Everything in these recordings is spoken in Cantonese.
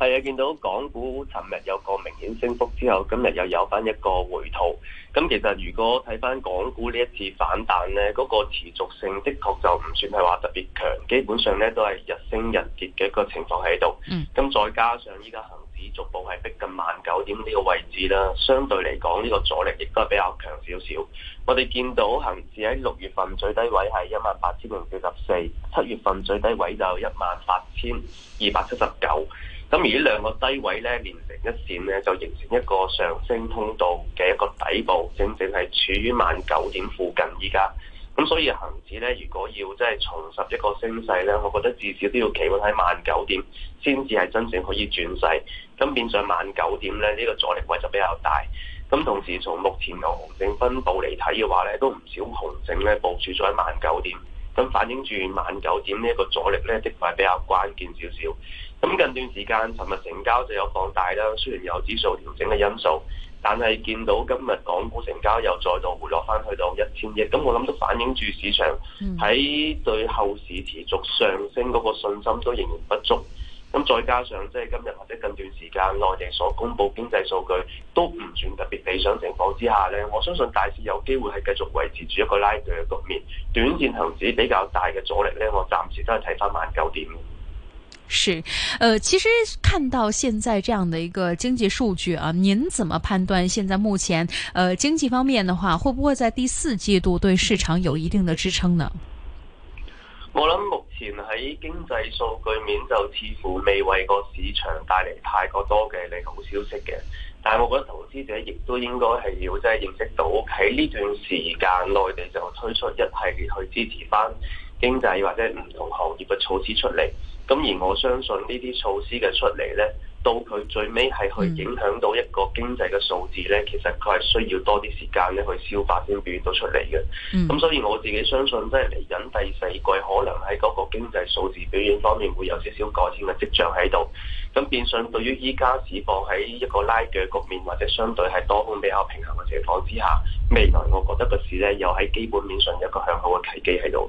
係啊，見到港股尋日有個明顯升幅之後，今日又有翻一個回吐。咁其實如果睇翻港股呢一次反彈呢，嗰、嗰個持續性的確就唔算係話特別強，基本上呢都係日升日跌嘅一個情況喺度。咁、嗯、再加上依家恒指逐步係逼近萬九點呢個位置啦，相對嚟講呢個阻力亦都係比較強少少。我哋見到恒指喺六月份最低位係一萬八千零四十四，七月份最低位就一萬八千二百七十九。咁而呢兩個低位咧連成一線咧，就形成一個上升通道嘅一個底部，正正係處於萬九點附近依家。咁所以恆指咧，如果要即係重拾一個升勢咧，我覺得至少都要企穩喺萬九點，先至係真正可以轉勢。咁變上萬九點咧呢，呢個阻力位就比較大。咁同時從目前嘅熊證分布嚟睇嘅話咧，都唔少熊證咧部署咗喺萬九點。咁反映住萬九點呢一個阻力咧，的確比較關鍵少少。咁近段時間，尋日成交就有放大啦。雖然有指數調整嘅因素，但係見到今日港股成交又再度回落翻去到一千億，咁我諗都反映住市場喺對後市持續上升嗰個信心都仍然不足。咁再加上即係今日或者近段時間內地所公布經濟數據都唔算特別理想，情況之下咧，我相信大市有機會係繼續維持住一個拉鋸嘅局面。短線恒指比較大嘅阻力呢，我暫時都係睇翻萬九點。是，呃，其實看到現在這樣的一個經濟數據啊，您怎麼判斷現在目前，呃，經濟方面的話，會不會在第四季度對市場有一定的支撐呢？我諗目前喺經濟數據面就似乎未為個市場帶嚟太過多嘅利好消息嘅，但係我覺得投資者亦都應該係要即係認識到喺呢段時間內地就推出一系列去支持翻經濟或者唔同行業嘅措施出嚟。咁而我相信呢啲措施嘅出嚟咧，到佢最尾係去影響到一個經濟嘅數字咧，其實佢係需要多啲時間咧去消化先表現到出嚟嘅。咁、嗯、所以我自己相信，即係嚟緊第四季，可能喺嗰個經濟數字表現方面會有少少改善嘅跡象喺度。咁變相對於依家市況喺一個拉鋸局面或者相對係多空比較平衡嘅情況之下，未來我覺得個市咧，又喺基本面上有一個向好嘅契機喺度。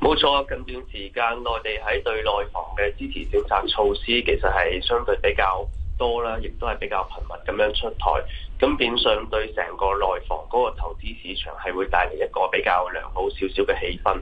冇錯，近段時間內地喺對內房嘅支持政策措施，其實係相對比較多啦，亦都係比較頻密咁樣出台。咁變相對成個內房嗰個投資市場係會帶嚟一個比較良好少少嘅氣氛。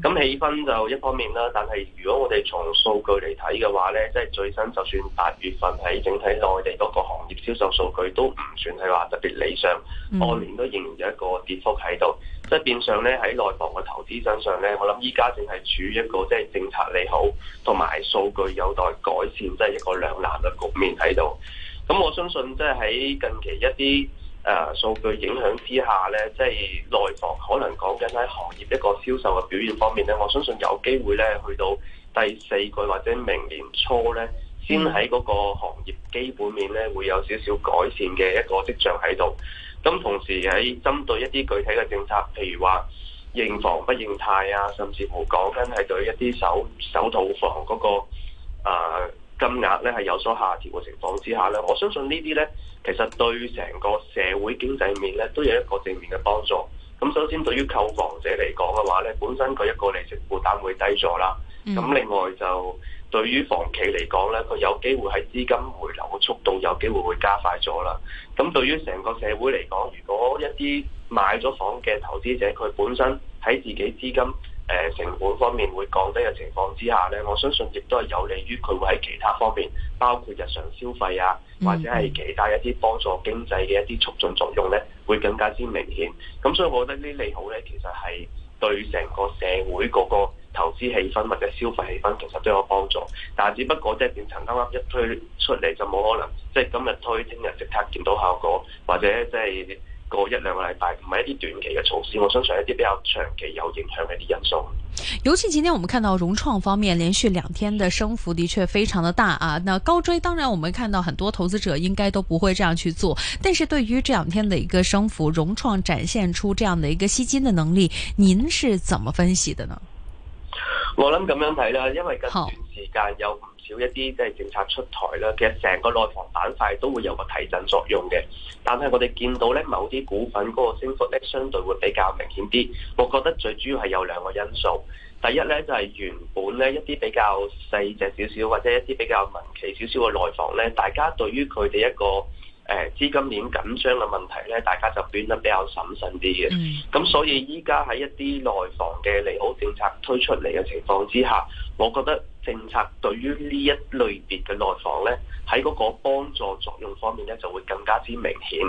咁、mm. 氣氛就一方面啦，但係如果我哋從數據嚟睇嘅話咧，即、就、係、是、最新就算八月份喺整體內地嗰個行業銷售數據都唔算係話特別理想，按、mm. 年都仍然有一個跌幅喺度。即、就、係、是、變相咧喺內房嘅投資身上咧，我諗依家淨係處於一個即係、就是、政策利好同埋數據有待改善，即、就、係、是、一個兩難嘅局面喺度。咁我相信即係喺近期一啲誒、呃、數據影響之下咧，即係內房可能講緊喺行業一個銷售嘅表現方面咧，我相信有機會咧去到第四季或者明年初咧，先喺嗰個行業基本面咧會有少少改善嘅一個跡象喺度。咁同時喺針對一啲具體嘅政策，譬如話認房不認貸啊，甚至乎講緊喺對一啲首首套房嗰個、呃金額咧係有所下跌嘅情況之下咧，我相信呢啲咧其實對成個社會經濟面咧都有一個正面嘅幫助。咁首先對於購房者嚟講嘅話咧，本身佢一個利息負擔會低咗啦。咁另外就對於房企嚟講咧，佢有機會喺資金回流嘅速度有機會會加快咗啦。咁對於成個社會嚟講，如果一啲買咗房嘅投資者佢本身喺自己資金。誒、呃、成本方面會降低嘅情況之下咧，我相信亦都係有利於佢會喺其他方面，包括日常消費啊，或者係其他一啲幫助經濟嘅一啲促進作用咧，會更加之明顯。咁所以我覺得呢利好咧，其實係對成個社會嗰個投資氣氛或者消費氣氛，其實都有幫助。但係只不過即係變成啱啱一推出嚟，就冇可能即係今日推，聽日即刻見到效果，或者即係。個一兩個禮拜唔係一啲短期嘅措施，我相信一啲比較長期有影響嘅一啲因素。尤其今天我們看到融創方面連續兩天嘅升幅的確非常的大啊！那高追當然我們看到很多投資者應該都不會這樣去做，但是對於這兩天嘅一個升幅，融創展現出這樣的一個吸金的能力，您是怎麼分析的呢？我諗咁樣睇啦，因為近段時間有。少一啲即係政策出台啦，其實成個內房板塊都會有個提振作用嘅。但係我哋見到咧，某啲股份嗰個升幅咧，相對會比較明顯啲。我覺得最主要係有兩個因素，第一咧就係原本咧一啲比較細隻少少或者一啲比較民企少少嘅內房咧，大家對於佢哋一個，誒資金鏈緊張嘅問題咧，大家就變得比較審慎啲嘅。咁、嗯、所以依家喺一啲內房嘅利好政策推出嚟嘅情況之下，我覺得政策對於呢一類別嘅內房咧，喺嗰個幫助作用方面咧，就會更加之明顯。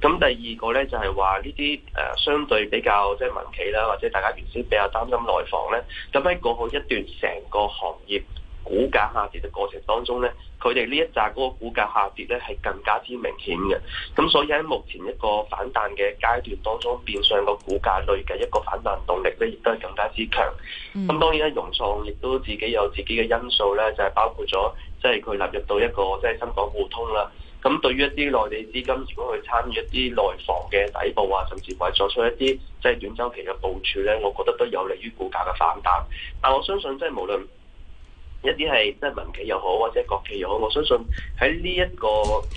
咁第二個咧就係話呢啲誒相對比較即係民企啦，或者大家原先比較擔心內房咧，咁喺過去一段成個行業股價下跌嘅過程當中咧。佢哋呢一扎嗰個股價下跌咧，係更加之明顯嘅。咁所以喺目前一個反彈嘅階段當中，變相個股價類嘅一個反彈動力咧，亦都係更加之強。咁當然啦，融創亦都自己有自己嘅因素咧，就係、是、包括咗，即係佢納入到一個即係深港互通啦。咁對於一啲內地資金，如果佢參與一啲內房嘅底部啊，甚至係作出一啲即係短週期嘅部署咧，我覺得都有利於股價嘅反彈。但我相信，即係無論。一啲係即係民企又好或者國企又好，我相信喺呢一個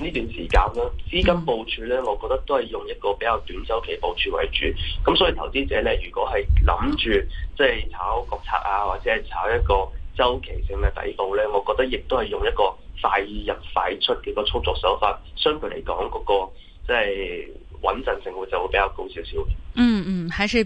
呢段時間咧，資金部署咧，我覺得都係用一個比較短周期部署為主。咁所以投資者咧，如果係諗住即係炒國策啊，或者係炒一個周期性嘅底部咧，我覺得亦都係用一個快入快出嘅個操作手法，相對嚟講嗰個即係穩陣性會就會比較高少少。嗯嗯，還是。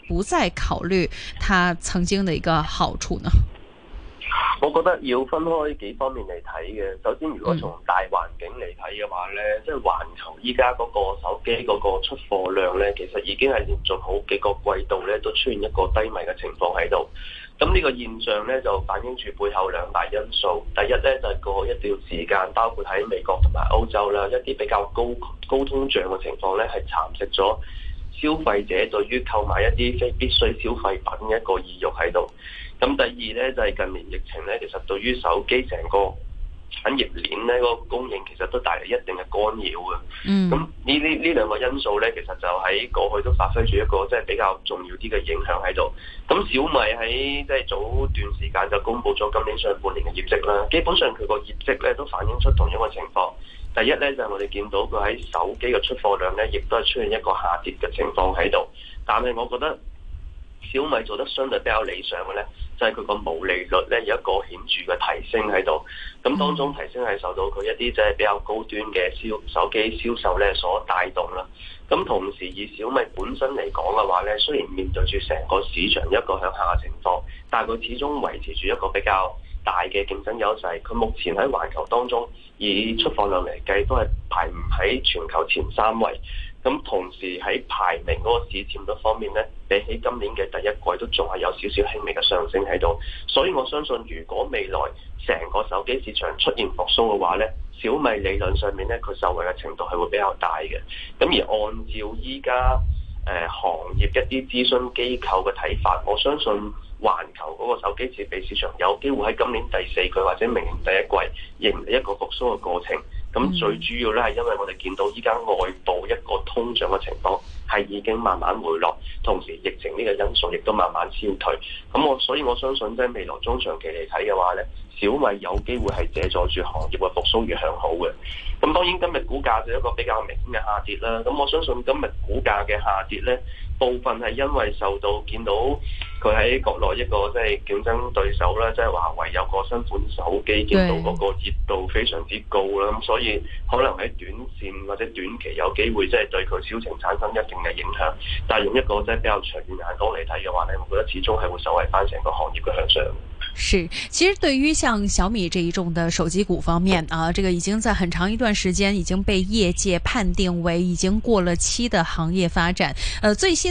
不再考慮它曾經的一個好處呢？我覺得要分開幾方面嚟睇嘅。首先，如果從大環境嚟睇嘅話呢，即係環球依家嗰個手機嗰個出貨量呢，其實已經係連續好幾個季度呢都出現一個低迷嘅情況喺度。咁呢個現象呢，就反映住背後兩大因素。第一呢，就係過一段時間，包括喺美國同埋歐洲啦，一啲比較高高通脹嘅情況呢，係蠶食咗。消費者對於購買一啲非必需消費品嘅一個意欲喺度，咁第二呢，就係近年疫情呢，其實對於手機成個產業鏈呢個供應其實都帶嚟一定嘅干擾嘅。嗯，咁呢呢呢兩個因素呢，其實就喺過去都發揮住一個即係比較重要啲嘅影響喺度。咁小米喺即係早段時間就公布咗今年上半年嘅業績啦，基本上佢個業績呢都反映出同樣嘅情況。第一咧就係我哋見到佢喺手機嘅出貨量咧，亦都係出現一個下跌嘅情況喺度。但係我覺得小米做得相對比較理想嘅咧，就係佢個毛利率咧有一個顯著嘅提升喺度。咁當中提升係受到佢一啲即係比較高端嘅銷手機銷售咧所帶動啦。咁同時以小米本身嚟講嘅話咧，雖然面對住成個市場一個向下嘅情況，但係佢始終維持住一個比較大嘅競爭優勢，佢目前喺環球當中以出貨量嚟計都係排唔喺全球前三位。咁同時喺排名嗰個市佔率方面咧，比起今年嘅第一季都仲係有少少輕微嘅上升喺度。所以我相信，如果未來成個手機市場出現復甦嘅話咧，小米理論上面咧，佢受惠嘅程度係會比較大嘅。咁而按照依家誒行業一啲諮詢機構嘅睇法，我相信。環球嗰個手機設備市場有機會喺今年第四季或者明年第一季迎嚟一個復甦嘅過程。咁最主要咧係因為我哋見到依家外部一個通脹嘅情況係已經慢慢回落，同時疫情呢個因素亦都慢慢消退。咁我所以我相信即係未來中長期嚟睇嘅話咧，小米有機會係借助住行業嘅復甦而向好嘅。咁當然今日股價就一個比較明顯嘅下跌啦。咁我相信今日股價嘅下跌咧。部分係因為受到見到佢喺國內一個即係競爭對手啦，即係華為有個新款手機對見到嗰個熱度非常之高啦，咁所以可能喺短綫或者短期有機會即係對佢銷情產生一定嘅影響，但係用一個即係比較長遠眼光嚟睇嘅話咧，我覺得始終係會受惠翻成個行業嘅向上。係其實對於像小米這一種的手機股方面，啊，啊，這個已經在很長一段時間已經被業界判定為已經過了期的行業發展。呃，最新。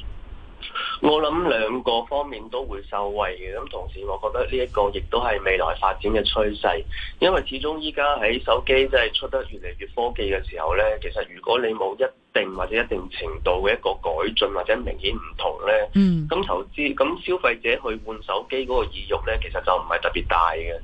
我諗兩個方面都會受惠嘅，咁同時我覺得呢一個亦都係未來發展嘅趨勢，因為始終依家喺手機真係出得越嚟越科技嘅時候呢，其實如果你冇一定或者一定程度嘅一個改進或者明顯唔同咧，咁、mm. 投資咁消費者去換手機嗰個意欲咧，其實就唔係特別大嘅。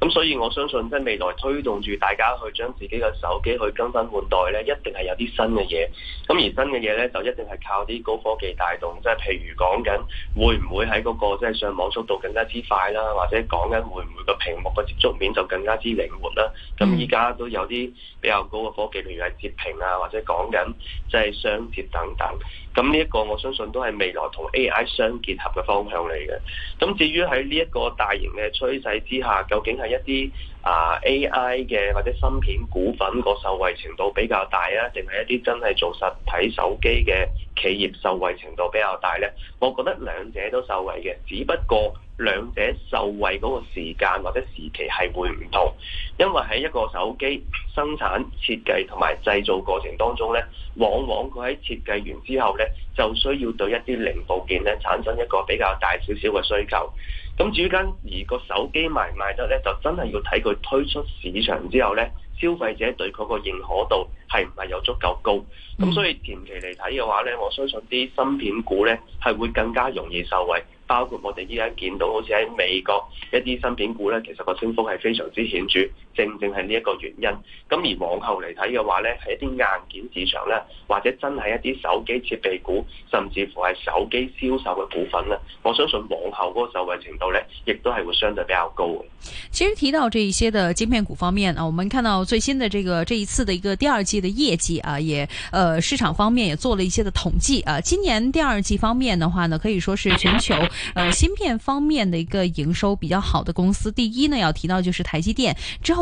咁所以我相信，即係未來推動住大家去將自己嘅手機去更新換代咧，一定係有啲新嘅嘢。咁而新嘅嘢咧，就一定係靠啲高科技帶動，即係譬如講緊會唔會喺嗰、那個即係、就是、上網速度更加之快啦，或者講緊會唔會個屏幕嘅接觸面就更加之靈活啦。咁依家都有啲比較高嘅科技，譬如係摺屏啊，或者講緊。即係相貼等等，咁呢一個我相信都係未來同 AI 相結合嘅方向嚟嘅。咁至於喺呢一個大型嘅趨勢之下，究竟係一啲啊 AI 嘅或者芯片股份個受惠程度比較大啊，定係一啲真係做實體手機嘅企業受惠程度比較大呢，我覺得兩者都受惠嘅，只不過兩者受惠嗰個時間或者時期係會唔同，因為喺一個手機生產設計同埋製造過程當中呢，往往佢喺設計完之後呢，就需要對一啲零部件呢產生一個比較大少少嘅需求。咁至於間而個手機賣唔賣得呢，就真係要睇佢推出市場之後呢。消費者對佢個認可度係唔係有足夠高？咁所以前期嚟睇嘅話呢，我相信啲芯片股呢係會更加容易受惠，包括我哋依家見到，好似喺美國一啲芯片股呢，其實個升幅係非常之顯著。正正係呢一個原因，咁而往後嚟睇嘅話咧，係一啲硬件市場咧，或者真係一啲手機設備股，甚至乎係手機銷售嘅股份咧，我相信往後嗰個受惠程度咧，亦都係會相對比較高嘅。其實提到這一些的芯片股方面啊，我們看到最新的這個這一次的一個第二季嘅業績啊，也呃市場方面也做了一些嘅統計啊，今年第二季方面嘅話呢，可以說是全球呃芯片方面嘅一個營收比較好的公司，第一呢要提到就是台積電之後。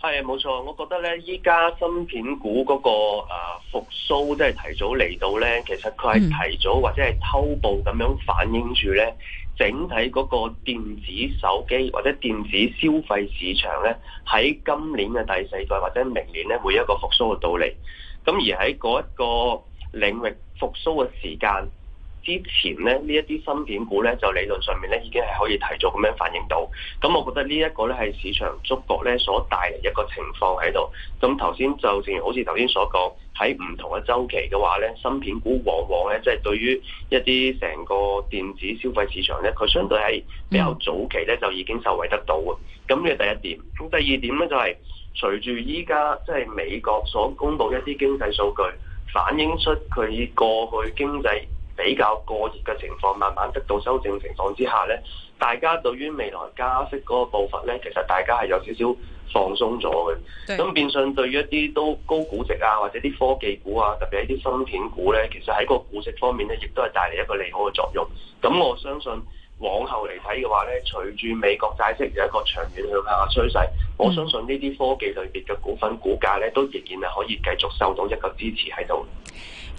係冇、哎、錯，我覺得呢，依家芯片股嗰、那個誒、啊、復甦即係提早嚟到呢，其實佢係提早或者係偷步咁樣反映住呢，整體嗰個電子手機或者電子消費市場呢，喺今年嘅第四季或者明年呢會有一個復甦嘅到嚟。咁而喺嗰一個領域復甦嘅時間，之前咧，呢一啲芯片股咧，就理論上面咧，已經係可以提早咁樣反映到。咁我覺得呢一個咧，係市場觸覺咧，所帶嚟一個情況喺度。咁頭先就正如好似頭先所講，喺唔同嘅周期嘅話咧，芯片股往往咧，即係對於一啲成個電子消費市場咧，佢相對係比較早期咧就已經受惠得到嘅。咁呢個第一點。咁第二點咧，就係隨住依家即係美國所公佈一啲經濟數據，反映出佢過去經濟，比較過熱嘅情況，慢慢得到修正情況之下呢，大家對於未來加息嗰個步伐呢，其實大家係有少少放鬆咗嘅。咁對變相對於一啲都高估值啊，或者啲科技股啊，特別係啲芯片股呢，其實喺個股息方面呢，亦都係帶嚟一個利好嘅作用。咁我相信往後嚟睇嘅話呢，隨住美國債息有一個長遠向下嘅趨勢，嗯、我相信呢啲科技類別嘅股份股價呢，都仍然係可以繼續受到一個支持喺度。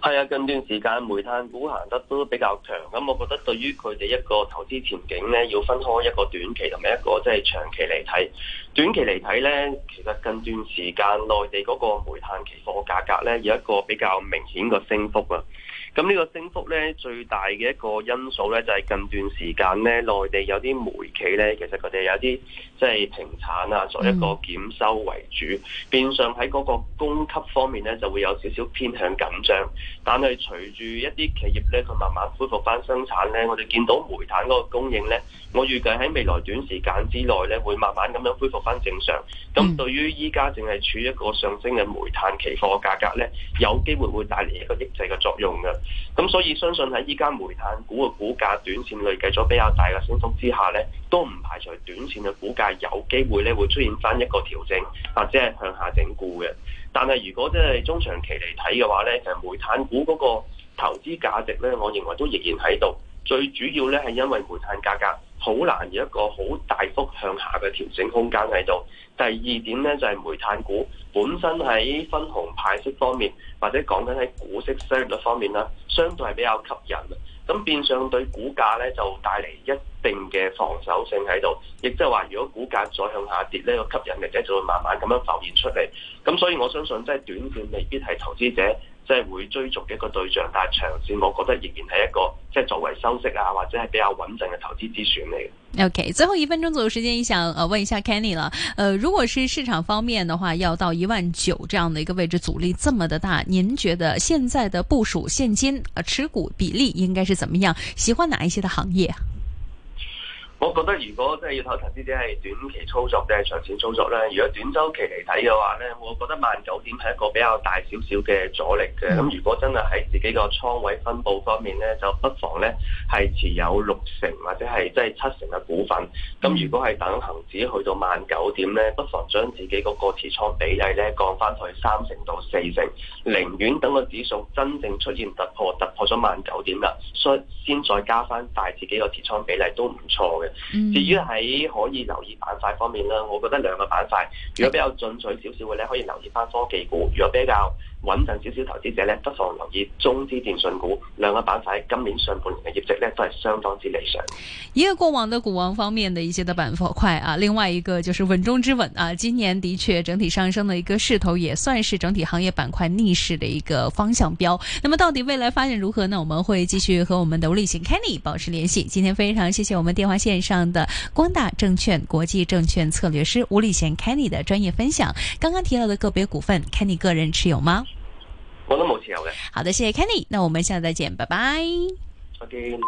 係啊，近段時間煤炭股行得都比較強，咁我覺得對於佢哋一個投資前景咧，要分開一個短期同埋一個即係長期嚟睇。短期嚟睇咧，其實近段時間內地嗰個煤炭期貨價格咧有一個比較明顯嘅升幅啊。咁呢個升幅咧，最大嘅一個因素咧，就係近段時間咧，內地有啲煤企咧，其實佢哋有啲即係停產啊，作一個檢修為主，變相喺嗰個供給方面咧，就會有少少偏向緊張。但係隨住一啲企業咧佢慢慢恢復翻生產咧，我哋見到煤炭嗰個供應咧，我預計喺未來短時間之內咧，會慢慢咁樣恢復翻正常。咁對於依家淨係處於一個上升嘅煤炭期貨價格咧，有機會會帶嚟一個抑制嘅作用㗎。咁所以相信喺依家煤炭股嘅股價短線累計咗比較大嘅升幅之下咧，都唔排除短線嘅股價有機會咧會出現翻一個調整，或者係向下整固嘅。但係如果即係中長期嚟睇嘅話咧，其實、就是、煤炭股嗰個投資價值咧，我認為都仍然喺度。最主要咧，係因為煤炭價格好難有一個好大幅向下嘅調整空間喺度。第二點咧，就係煤炭股本身喺分紅派息方面，或者講緊喺股息收益率方面啦，相對係比較吸引。咁變相對股價咧，就帶嚟一定嘅防守性喺度，亦即係話如果股價再向下跌呢，個吸引力咧，就會慢慢咁樣浮現出嚟。咁所以我相信即係短線未必係投資者。即係會追逐一個對象，但係長線我覺得仍然係一個即係作為收息啊或者係比較穩陣嘅投資之選嚟嘅。OK，最後一分鐘左右時間，想啊問一下 Kenny 啦，呃，如果是市場方面的話，要到一萬九這樣的一個位置阻力這麼的大，您覺得現在的部署現金啊持股比例應該是怎麼樣？喜歡哪一些的行業？我覺得如果真係要睇投資者係短期操作定係長線操作咧，如果短周期嚟睇嘅話咧，我覺得萬九點係一個比較大少少嘅阻力嘅。咁如果真係喺自己個倉位分布方面咧，就不妨咧係持有六成或者係即係七成嘅股份。咁如果係等恒指去到萬九點咧，不妨將自己嗰個持倉比例咧降翻去三成到四成，寧願等個指數真正出現突破，突破咗萬九點啦，所以先再加翻大自己個持倉比例都唔錯嘅。嗯、至於喺可以留意板塊方面啦，我覺得兩個板塊如果比較進取少少嘅，咧，可以留意翻科技股；如果比較。穩陣少少投資者呢，不妨留意中資電信股兩個板塊，今年上半年嘅業績呢，都係相當之理想。一個過往的股王方面嘅一些的板塊啊，另外一個就是穩中之穩啊，今年的確整體上升嘅一個勢頭，也算是整體行業板塊逆勢嘅一個方向標。那麼到底未來發展如何呢？我們會繼續和我們的伍禮賢 Kenny 保持聯繫。今天非常謝謝我們電話線上的光大證券國際證券策略師伍禮賢 Kenny 的專業分享。剛剛提到嘅個別股份，Kenny 個人持有嗎？我都冇持有嘅。好的，謝謝 Kenny，那我們下次再見，拜拜。再見。